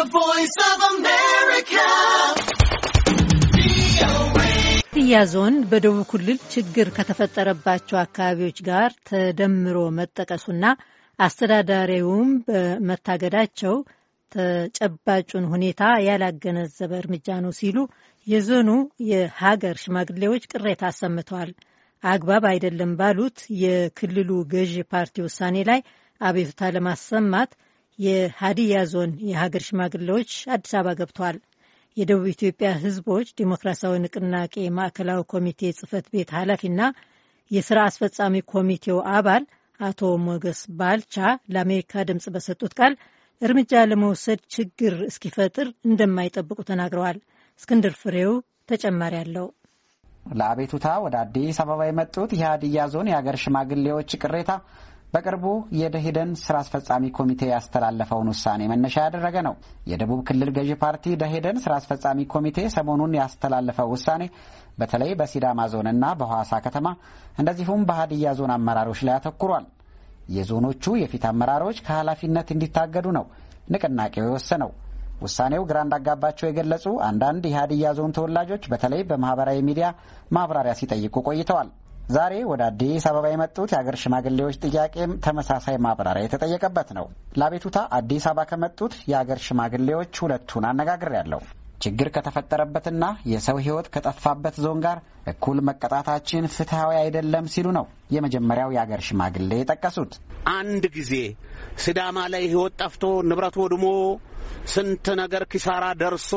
The Voice of America. ያ ዞን በደቡብ ክልል ችግር ከተፈጠረባቸው አካባቢዎች ጋር ተደምሮ መጠቀሱና አስተዳዳሪውም በመታገዳቸው ተጨባጩን ሁኔታ ያላገነዘበ እርምጃ ነው ሲሉ የዞኑ የሀገር ሽማግሌዎች ቅሬታ አሰምተዋል። አግባብ አይደለም ባሉት የክልሉ ገዢ ፓርቲ ውሳኔ ላይ አቤቱታ ለማሰማት የሀዲያ ዞን የሀገር ሽማግሌዎች አዲስ አበባ ገብተዋል። የደቡብ ኢትዮጵያ ሕዝቦች ዲሞክራሲያዊ ንቅናቄ ማዕከላዊ ኮሚቴ ጽህፈት ቤት ኃላፊና የስራ አስፈጻሚ ኮሚቴው አባል አቶ ሞገስ ባልቻ ለአሜሪካ ድምፅ በሰጡት ቃል እርምጃ ለመውሰድ ችግር እስኪፈጥር እንደማይጠብቁ ተናግረዋል። እስክንድር ፍሬው ተጨማሪ አለው። ለአቤቱታ ወደ አዲስ አበባ የመጡት የሀዲያ ዞን የሀገር ሽማግሌዎች ቅሬታ በቅርቡ የደሂደን ስራ አስፈጻሚ ኮሚቴ ያስተላለፈውን ውሳኔ መነሻ ያደረገ ነው። የደቡብ ክልል ገዢ ፓርቲ ደሂደን ስራ አስፈጻሚ ኮሚቴ ሰሞኑን ያስተላለፈው ውሳኔ በተለይ በሲዳማ ዞንና በሐዋሳ ከተማ እንደዚሁም በሀዲያ ዞን አመራሮች ላይ አተኩሯል። የዞኖቹ የፊት አመራሮች ከኃላፊነት እንዲታገዱ ነው ንቅናቄው የወሰነው። ውሳኔው ግራ እንዳጋባቸው የገለጹ አንዳንድ የሀዲያ ዞን ተወላጆች በተለይ በማህበራዊ ሚዲያ ማብራሪያ ሲጠይቁ ቆይተዋል። ዛሬ ወደ አዲስ አበባ የመጡት የአገር ሽማግሌዎች ጥያቄም ተመሳሳይ ማብራሪያ የተጠየቀበት ነው። ለአቤቱታ አዲስ አበባ ከመጡት የአገር ሽማግሌዎች ሁለቱን አነጋግሬያለሁ። ችግር ከተፈጠረበትና የሰው ሕይወት ከጠፋበት ዞን ጋር እኩል መቀጣታችን ፍትሐዊ አይደለም ሲሉ ነው የመጀመሪያው የአገር ሽማግሌ የጠቀሱት። አንድ ጊዜ ስዳማ ላይ ህይወት ጠፍቶ ንብረት ወድሞ ስንት ነገር ኪሳራ ደርሶ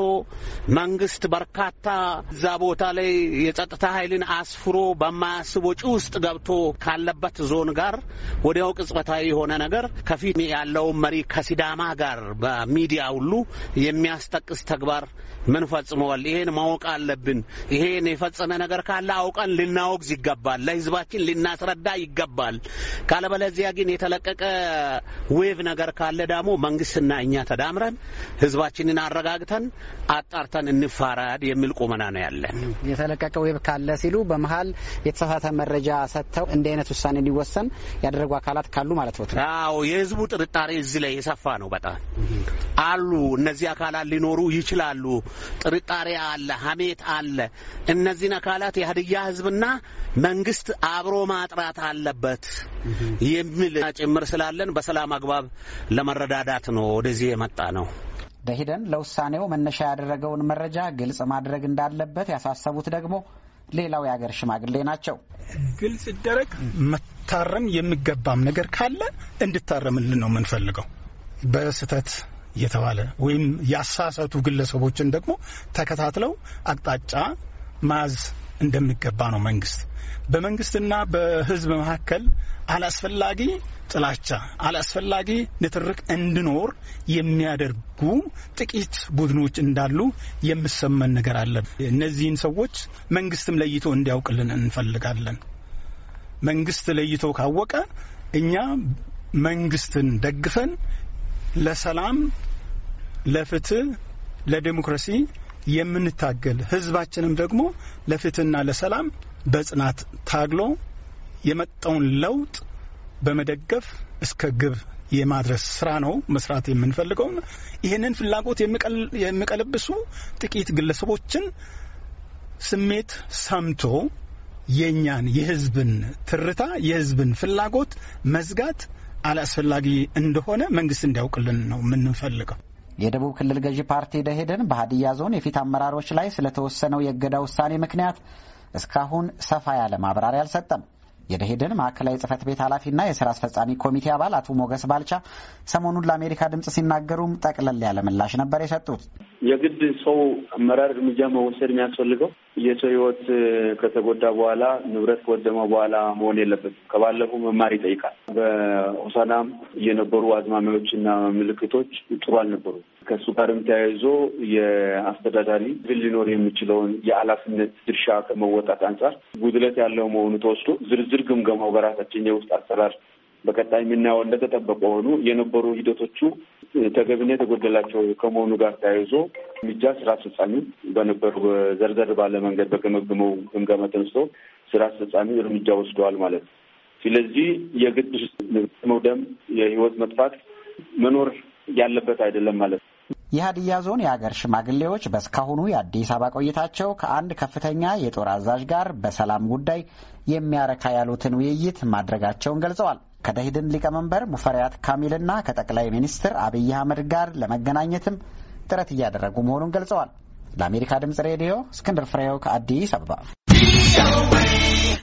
መንግስት በርካታ እዛ ቦታ ላይ የጸጥታ ኃይልን አስፍሮ በማያስብ ወጪ ውስጥ ገብቶ ካለበት ዞን ጋር ወዲያው ቅጽበታዊ የሆነ ነገር ከፊት ያለውን መሪ ከሲዳማ ጋር በሚዲያ ሁሉ የሚያስጠቅስ ተግባር ምን ፈጽመዋል? ይሄን ማወቅ አለብን። ይሄን የፈጸመ ነገር ካለ አውቀን ልናወግዝ ይገባል። ለህዝባችን ልና ሊያስረዳ ይገባል። ካለበለዚያ ግን የተለቀቀ ዌቭ ነገር ካለ ደግሞ መንግስትና እኛ ተዳምረን ህዝባችንን አረጋግተን አጣርተን እንፋረድ የሚል ቁመና ነው ያለን። የተለቀቀ ዌብ ካለ ሲሉ በመሀል የተሳሳተ መረጃ ሰጥተው እንዲህ አይነት ውሳኔ እንዲወሰን ያደረጉ አካላት ካሉ ማለት ነው። አዎ የህዝቡ ጥርጣሬ እዚህ ላይ የሰፋ ነው በጣም አሉ። እነዚህ አካላት ሊኖሩ ይችላሉ። ጥርጣሬ አለ፣ ሀሜት አለ። እነዚህን አካላት የሀድያ ህዝብና መንግስት አብሮ ማጥራት አለበት የሚል ጭምር ስላለን በሰላም አግባብ ለመረዳዳት ነው ወደዚህ የመጣ ነው። ደሂደን ለውሳኔው መነሻ ያደረገውን መረጃ ግልጽ ማድረግ እንዳለበት ያሳሰቡት ደግሞ ሌላው የአገር ሽማግሌ ናቸው። ግልጽ ይደረግ። መታረም የሚገባም ነገር ካለ እንድታረምልን ነው የምንፈልገው። በስህተት እየተባለ ወይም ያሳሰቱ ግለሰቦችን ደግሞ ተከታትለው አቅጣጫ ማዝ እንደሚገባ ነው። መንግስት በመንግስትና በህዝብ መካከል አላስፈላጊ ጥላቻ፣ አላስፈላጊ ንትርክ እንዲኖር የሚያደርጉ ጥቂት ቡድኖች እንዳሉ የሚሰማን ነገር አለ። እነዚህን ሰዎች መንግስትም ለይቶ እንዲያውቅልን እንፈልጋለን። መንግስት ለይቶ ካወቀ እኛ መንግስትን ደግፈን ለሰላም፣ ለፍትህ፣ ለዴሞክራሲ የምንታገል ህዝባችንም ደግሞ ለፍትህና ለሰላም በጽናት ታግሎ የመጣውን ለውጥ በመደገፍ እስከ ግብ የማድረስ ስራ ነው መስራት የምንፈልገው። ይህንን ፍላጎት የሚቀለብሱ ጥቂት ግለሰቦችን ስሜት ሰምቶ የእኛን የህዝብን ትርታ የህዝብን ፍላጎት መዝጋት አላስፈላጊ እንደሆነ መንግስት እንዲያውቅልን ነው የምንፈልገው። የደቡብ ክልል ገዢ ፓርቲ ደሄደን በሀዲያ ዞን የፊት አመራሮች ላይ ስለተወሰነው የእገዳ ውሳኔ ምክንያት እስካሁን ሰፋ ያለ ማብራሪያ አልሰጠም። የደሄደን ማዕከላዊ ጽህፈት ቤት ኃላፊና የስራ አስፈጻሚ ኮሚቴ አባል አቶ ሞገስ ባልቻ ሰሞኑን ለአሜሪካ ድምጽ ሲናገሩም ጠቅለል ያለ ምላሽ ነበር የሰጡት። የግድ ሰው አመራር እርምጃ መወሰድ የሚያስፈልገው የሰው ህይወት ከተጎዳ በኋላ ንብረት ከወደመ በኋላ መሆን የለበትም። ከባለፈው መማር ይጠይቃል። በሆሳናም የነበሩ አዝማሚያዎችና ምልክቶች ጥሩ አልነበሩ። ከእሱ ጋርም ተያይዞ የአስተዳዳሪ ግል ሊኖር የሚችለውን የኃላፊነት ድርሻ ከመወጣት አንጻር ጉድለት ያለው መሆኑ ተወስዶ ዝርዝር ግምገማው በራሳችን የውስጥ አሰራር በቀጣይ የምናየው እንደተጠበቀ ሆኑ የነበሩ ሂደቶቹ ተገቢነት የተጎደላቸው ከመሆኑ ጋር ተያይዞ እርምጃ ስራ አስፈጻሚ በነበሩ ዘርዘር ባለ መንገድ በገመገመው ግምገማ ተነስቶ ስራ አስፈጻሚ እርምጃ ወስደዋል ማለት ነው። ስለዚህ የግድ መውደም የህይወት መጥፋት መኖር ያለበት አይደለም ማለት ነው። የሀዲያ ዞን የሀገር ሽማግሌዎች በእስካሁኑ የአዲስ አበባ ቆይታቸው ከአንድ ከፍተኛ የጦር አዛዥ ጋር በሰላም ጉዳይ የሚያረካ ያሉትን ውይይት ማድረጋቸውን ገልጸዋል። ከደሂድን ሊቀመንበር ሙፈሪያት ካሚልና ከጠቅላይ ሚኒስትር አብይ አህመድ ጋር ለመገናኘትም ጥረት እያደረጉ መሆኑን ገልጸዋል። ለአሜሪካ ድምጽ ሬዲዮ እስክንድር ፍሬው ከአዲስ አበባ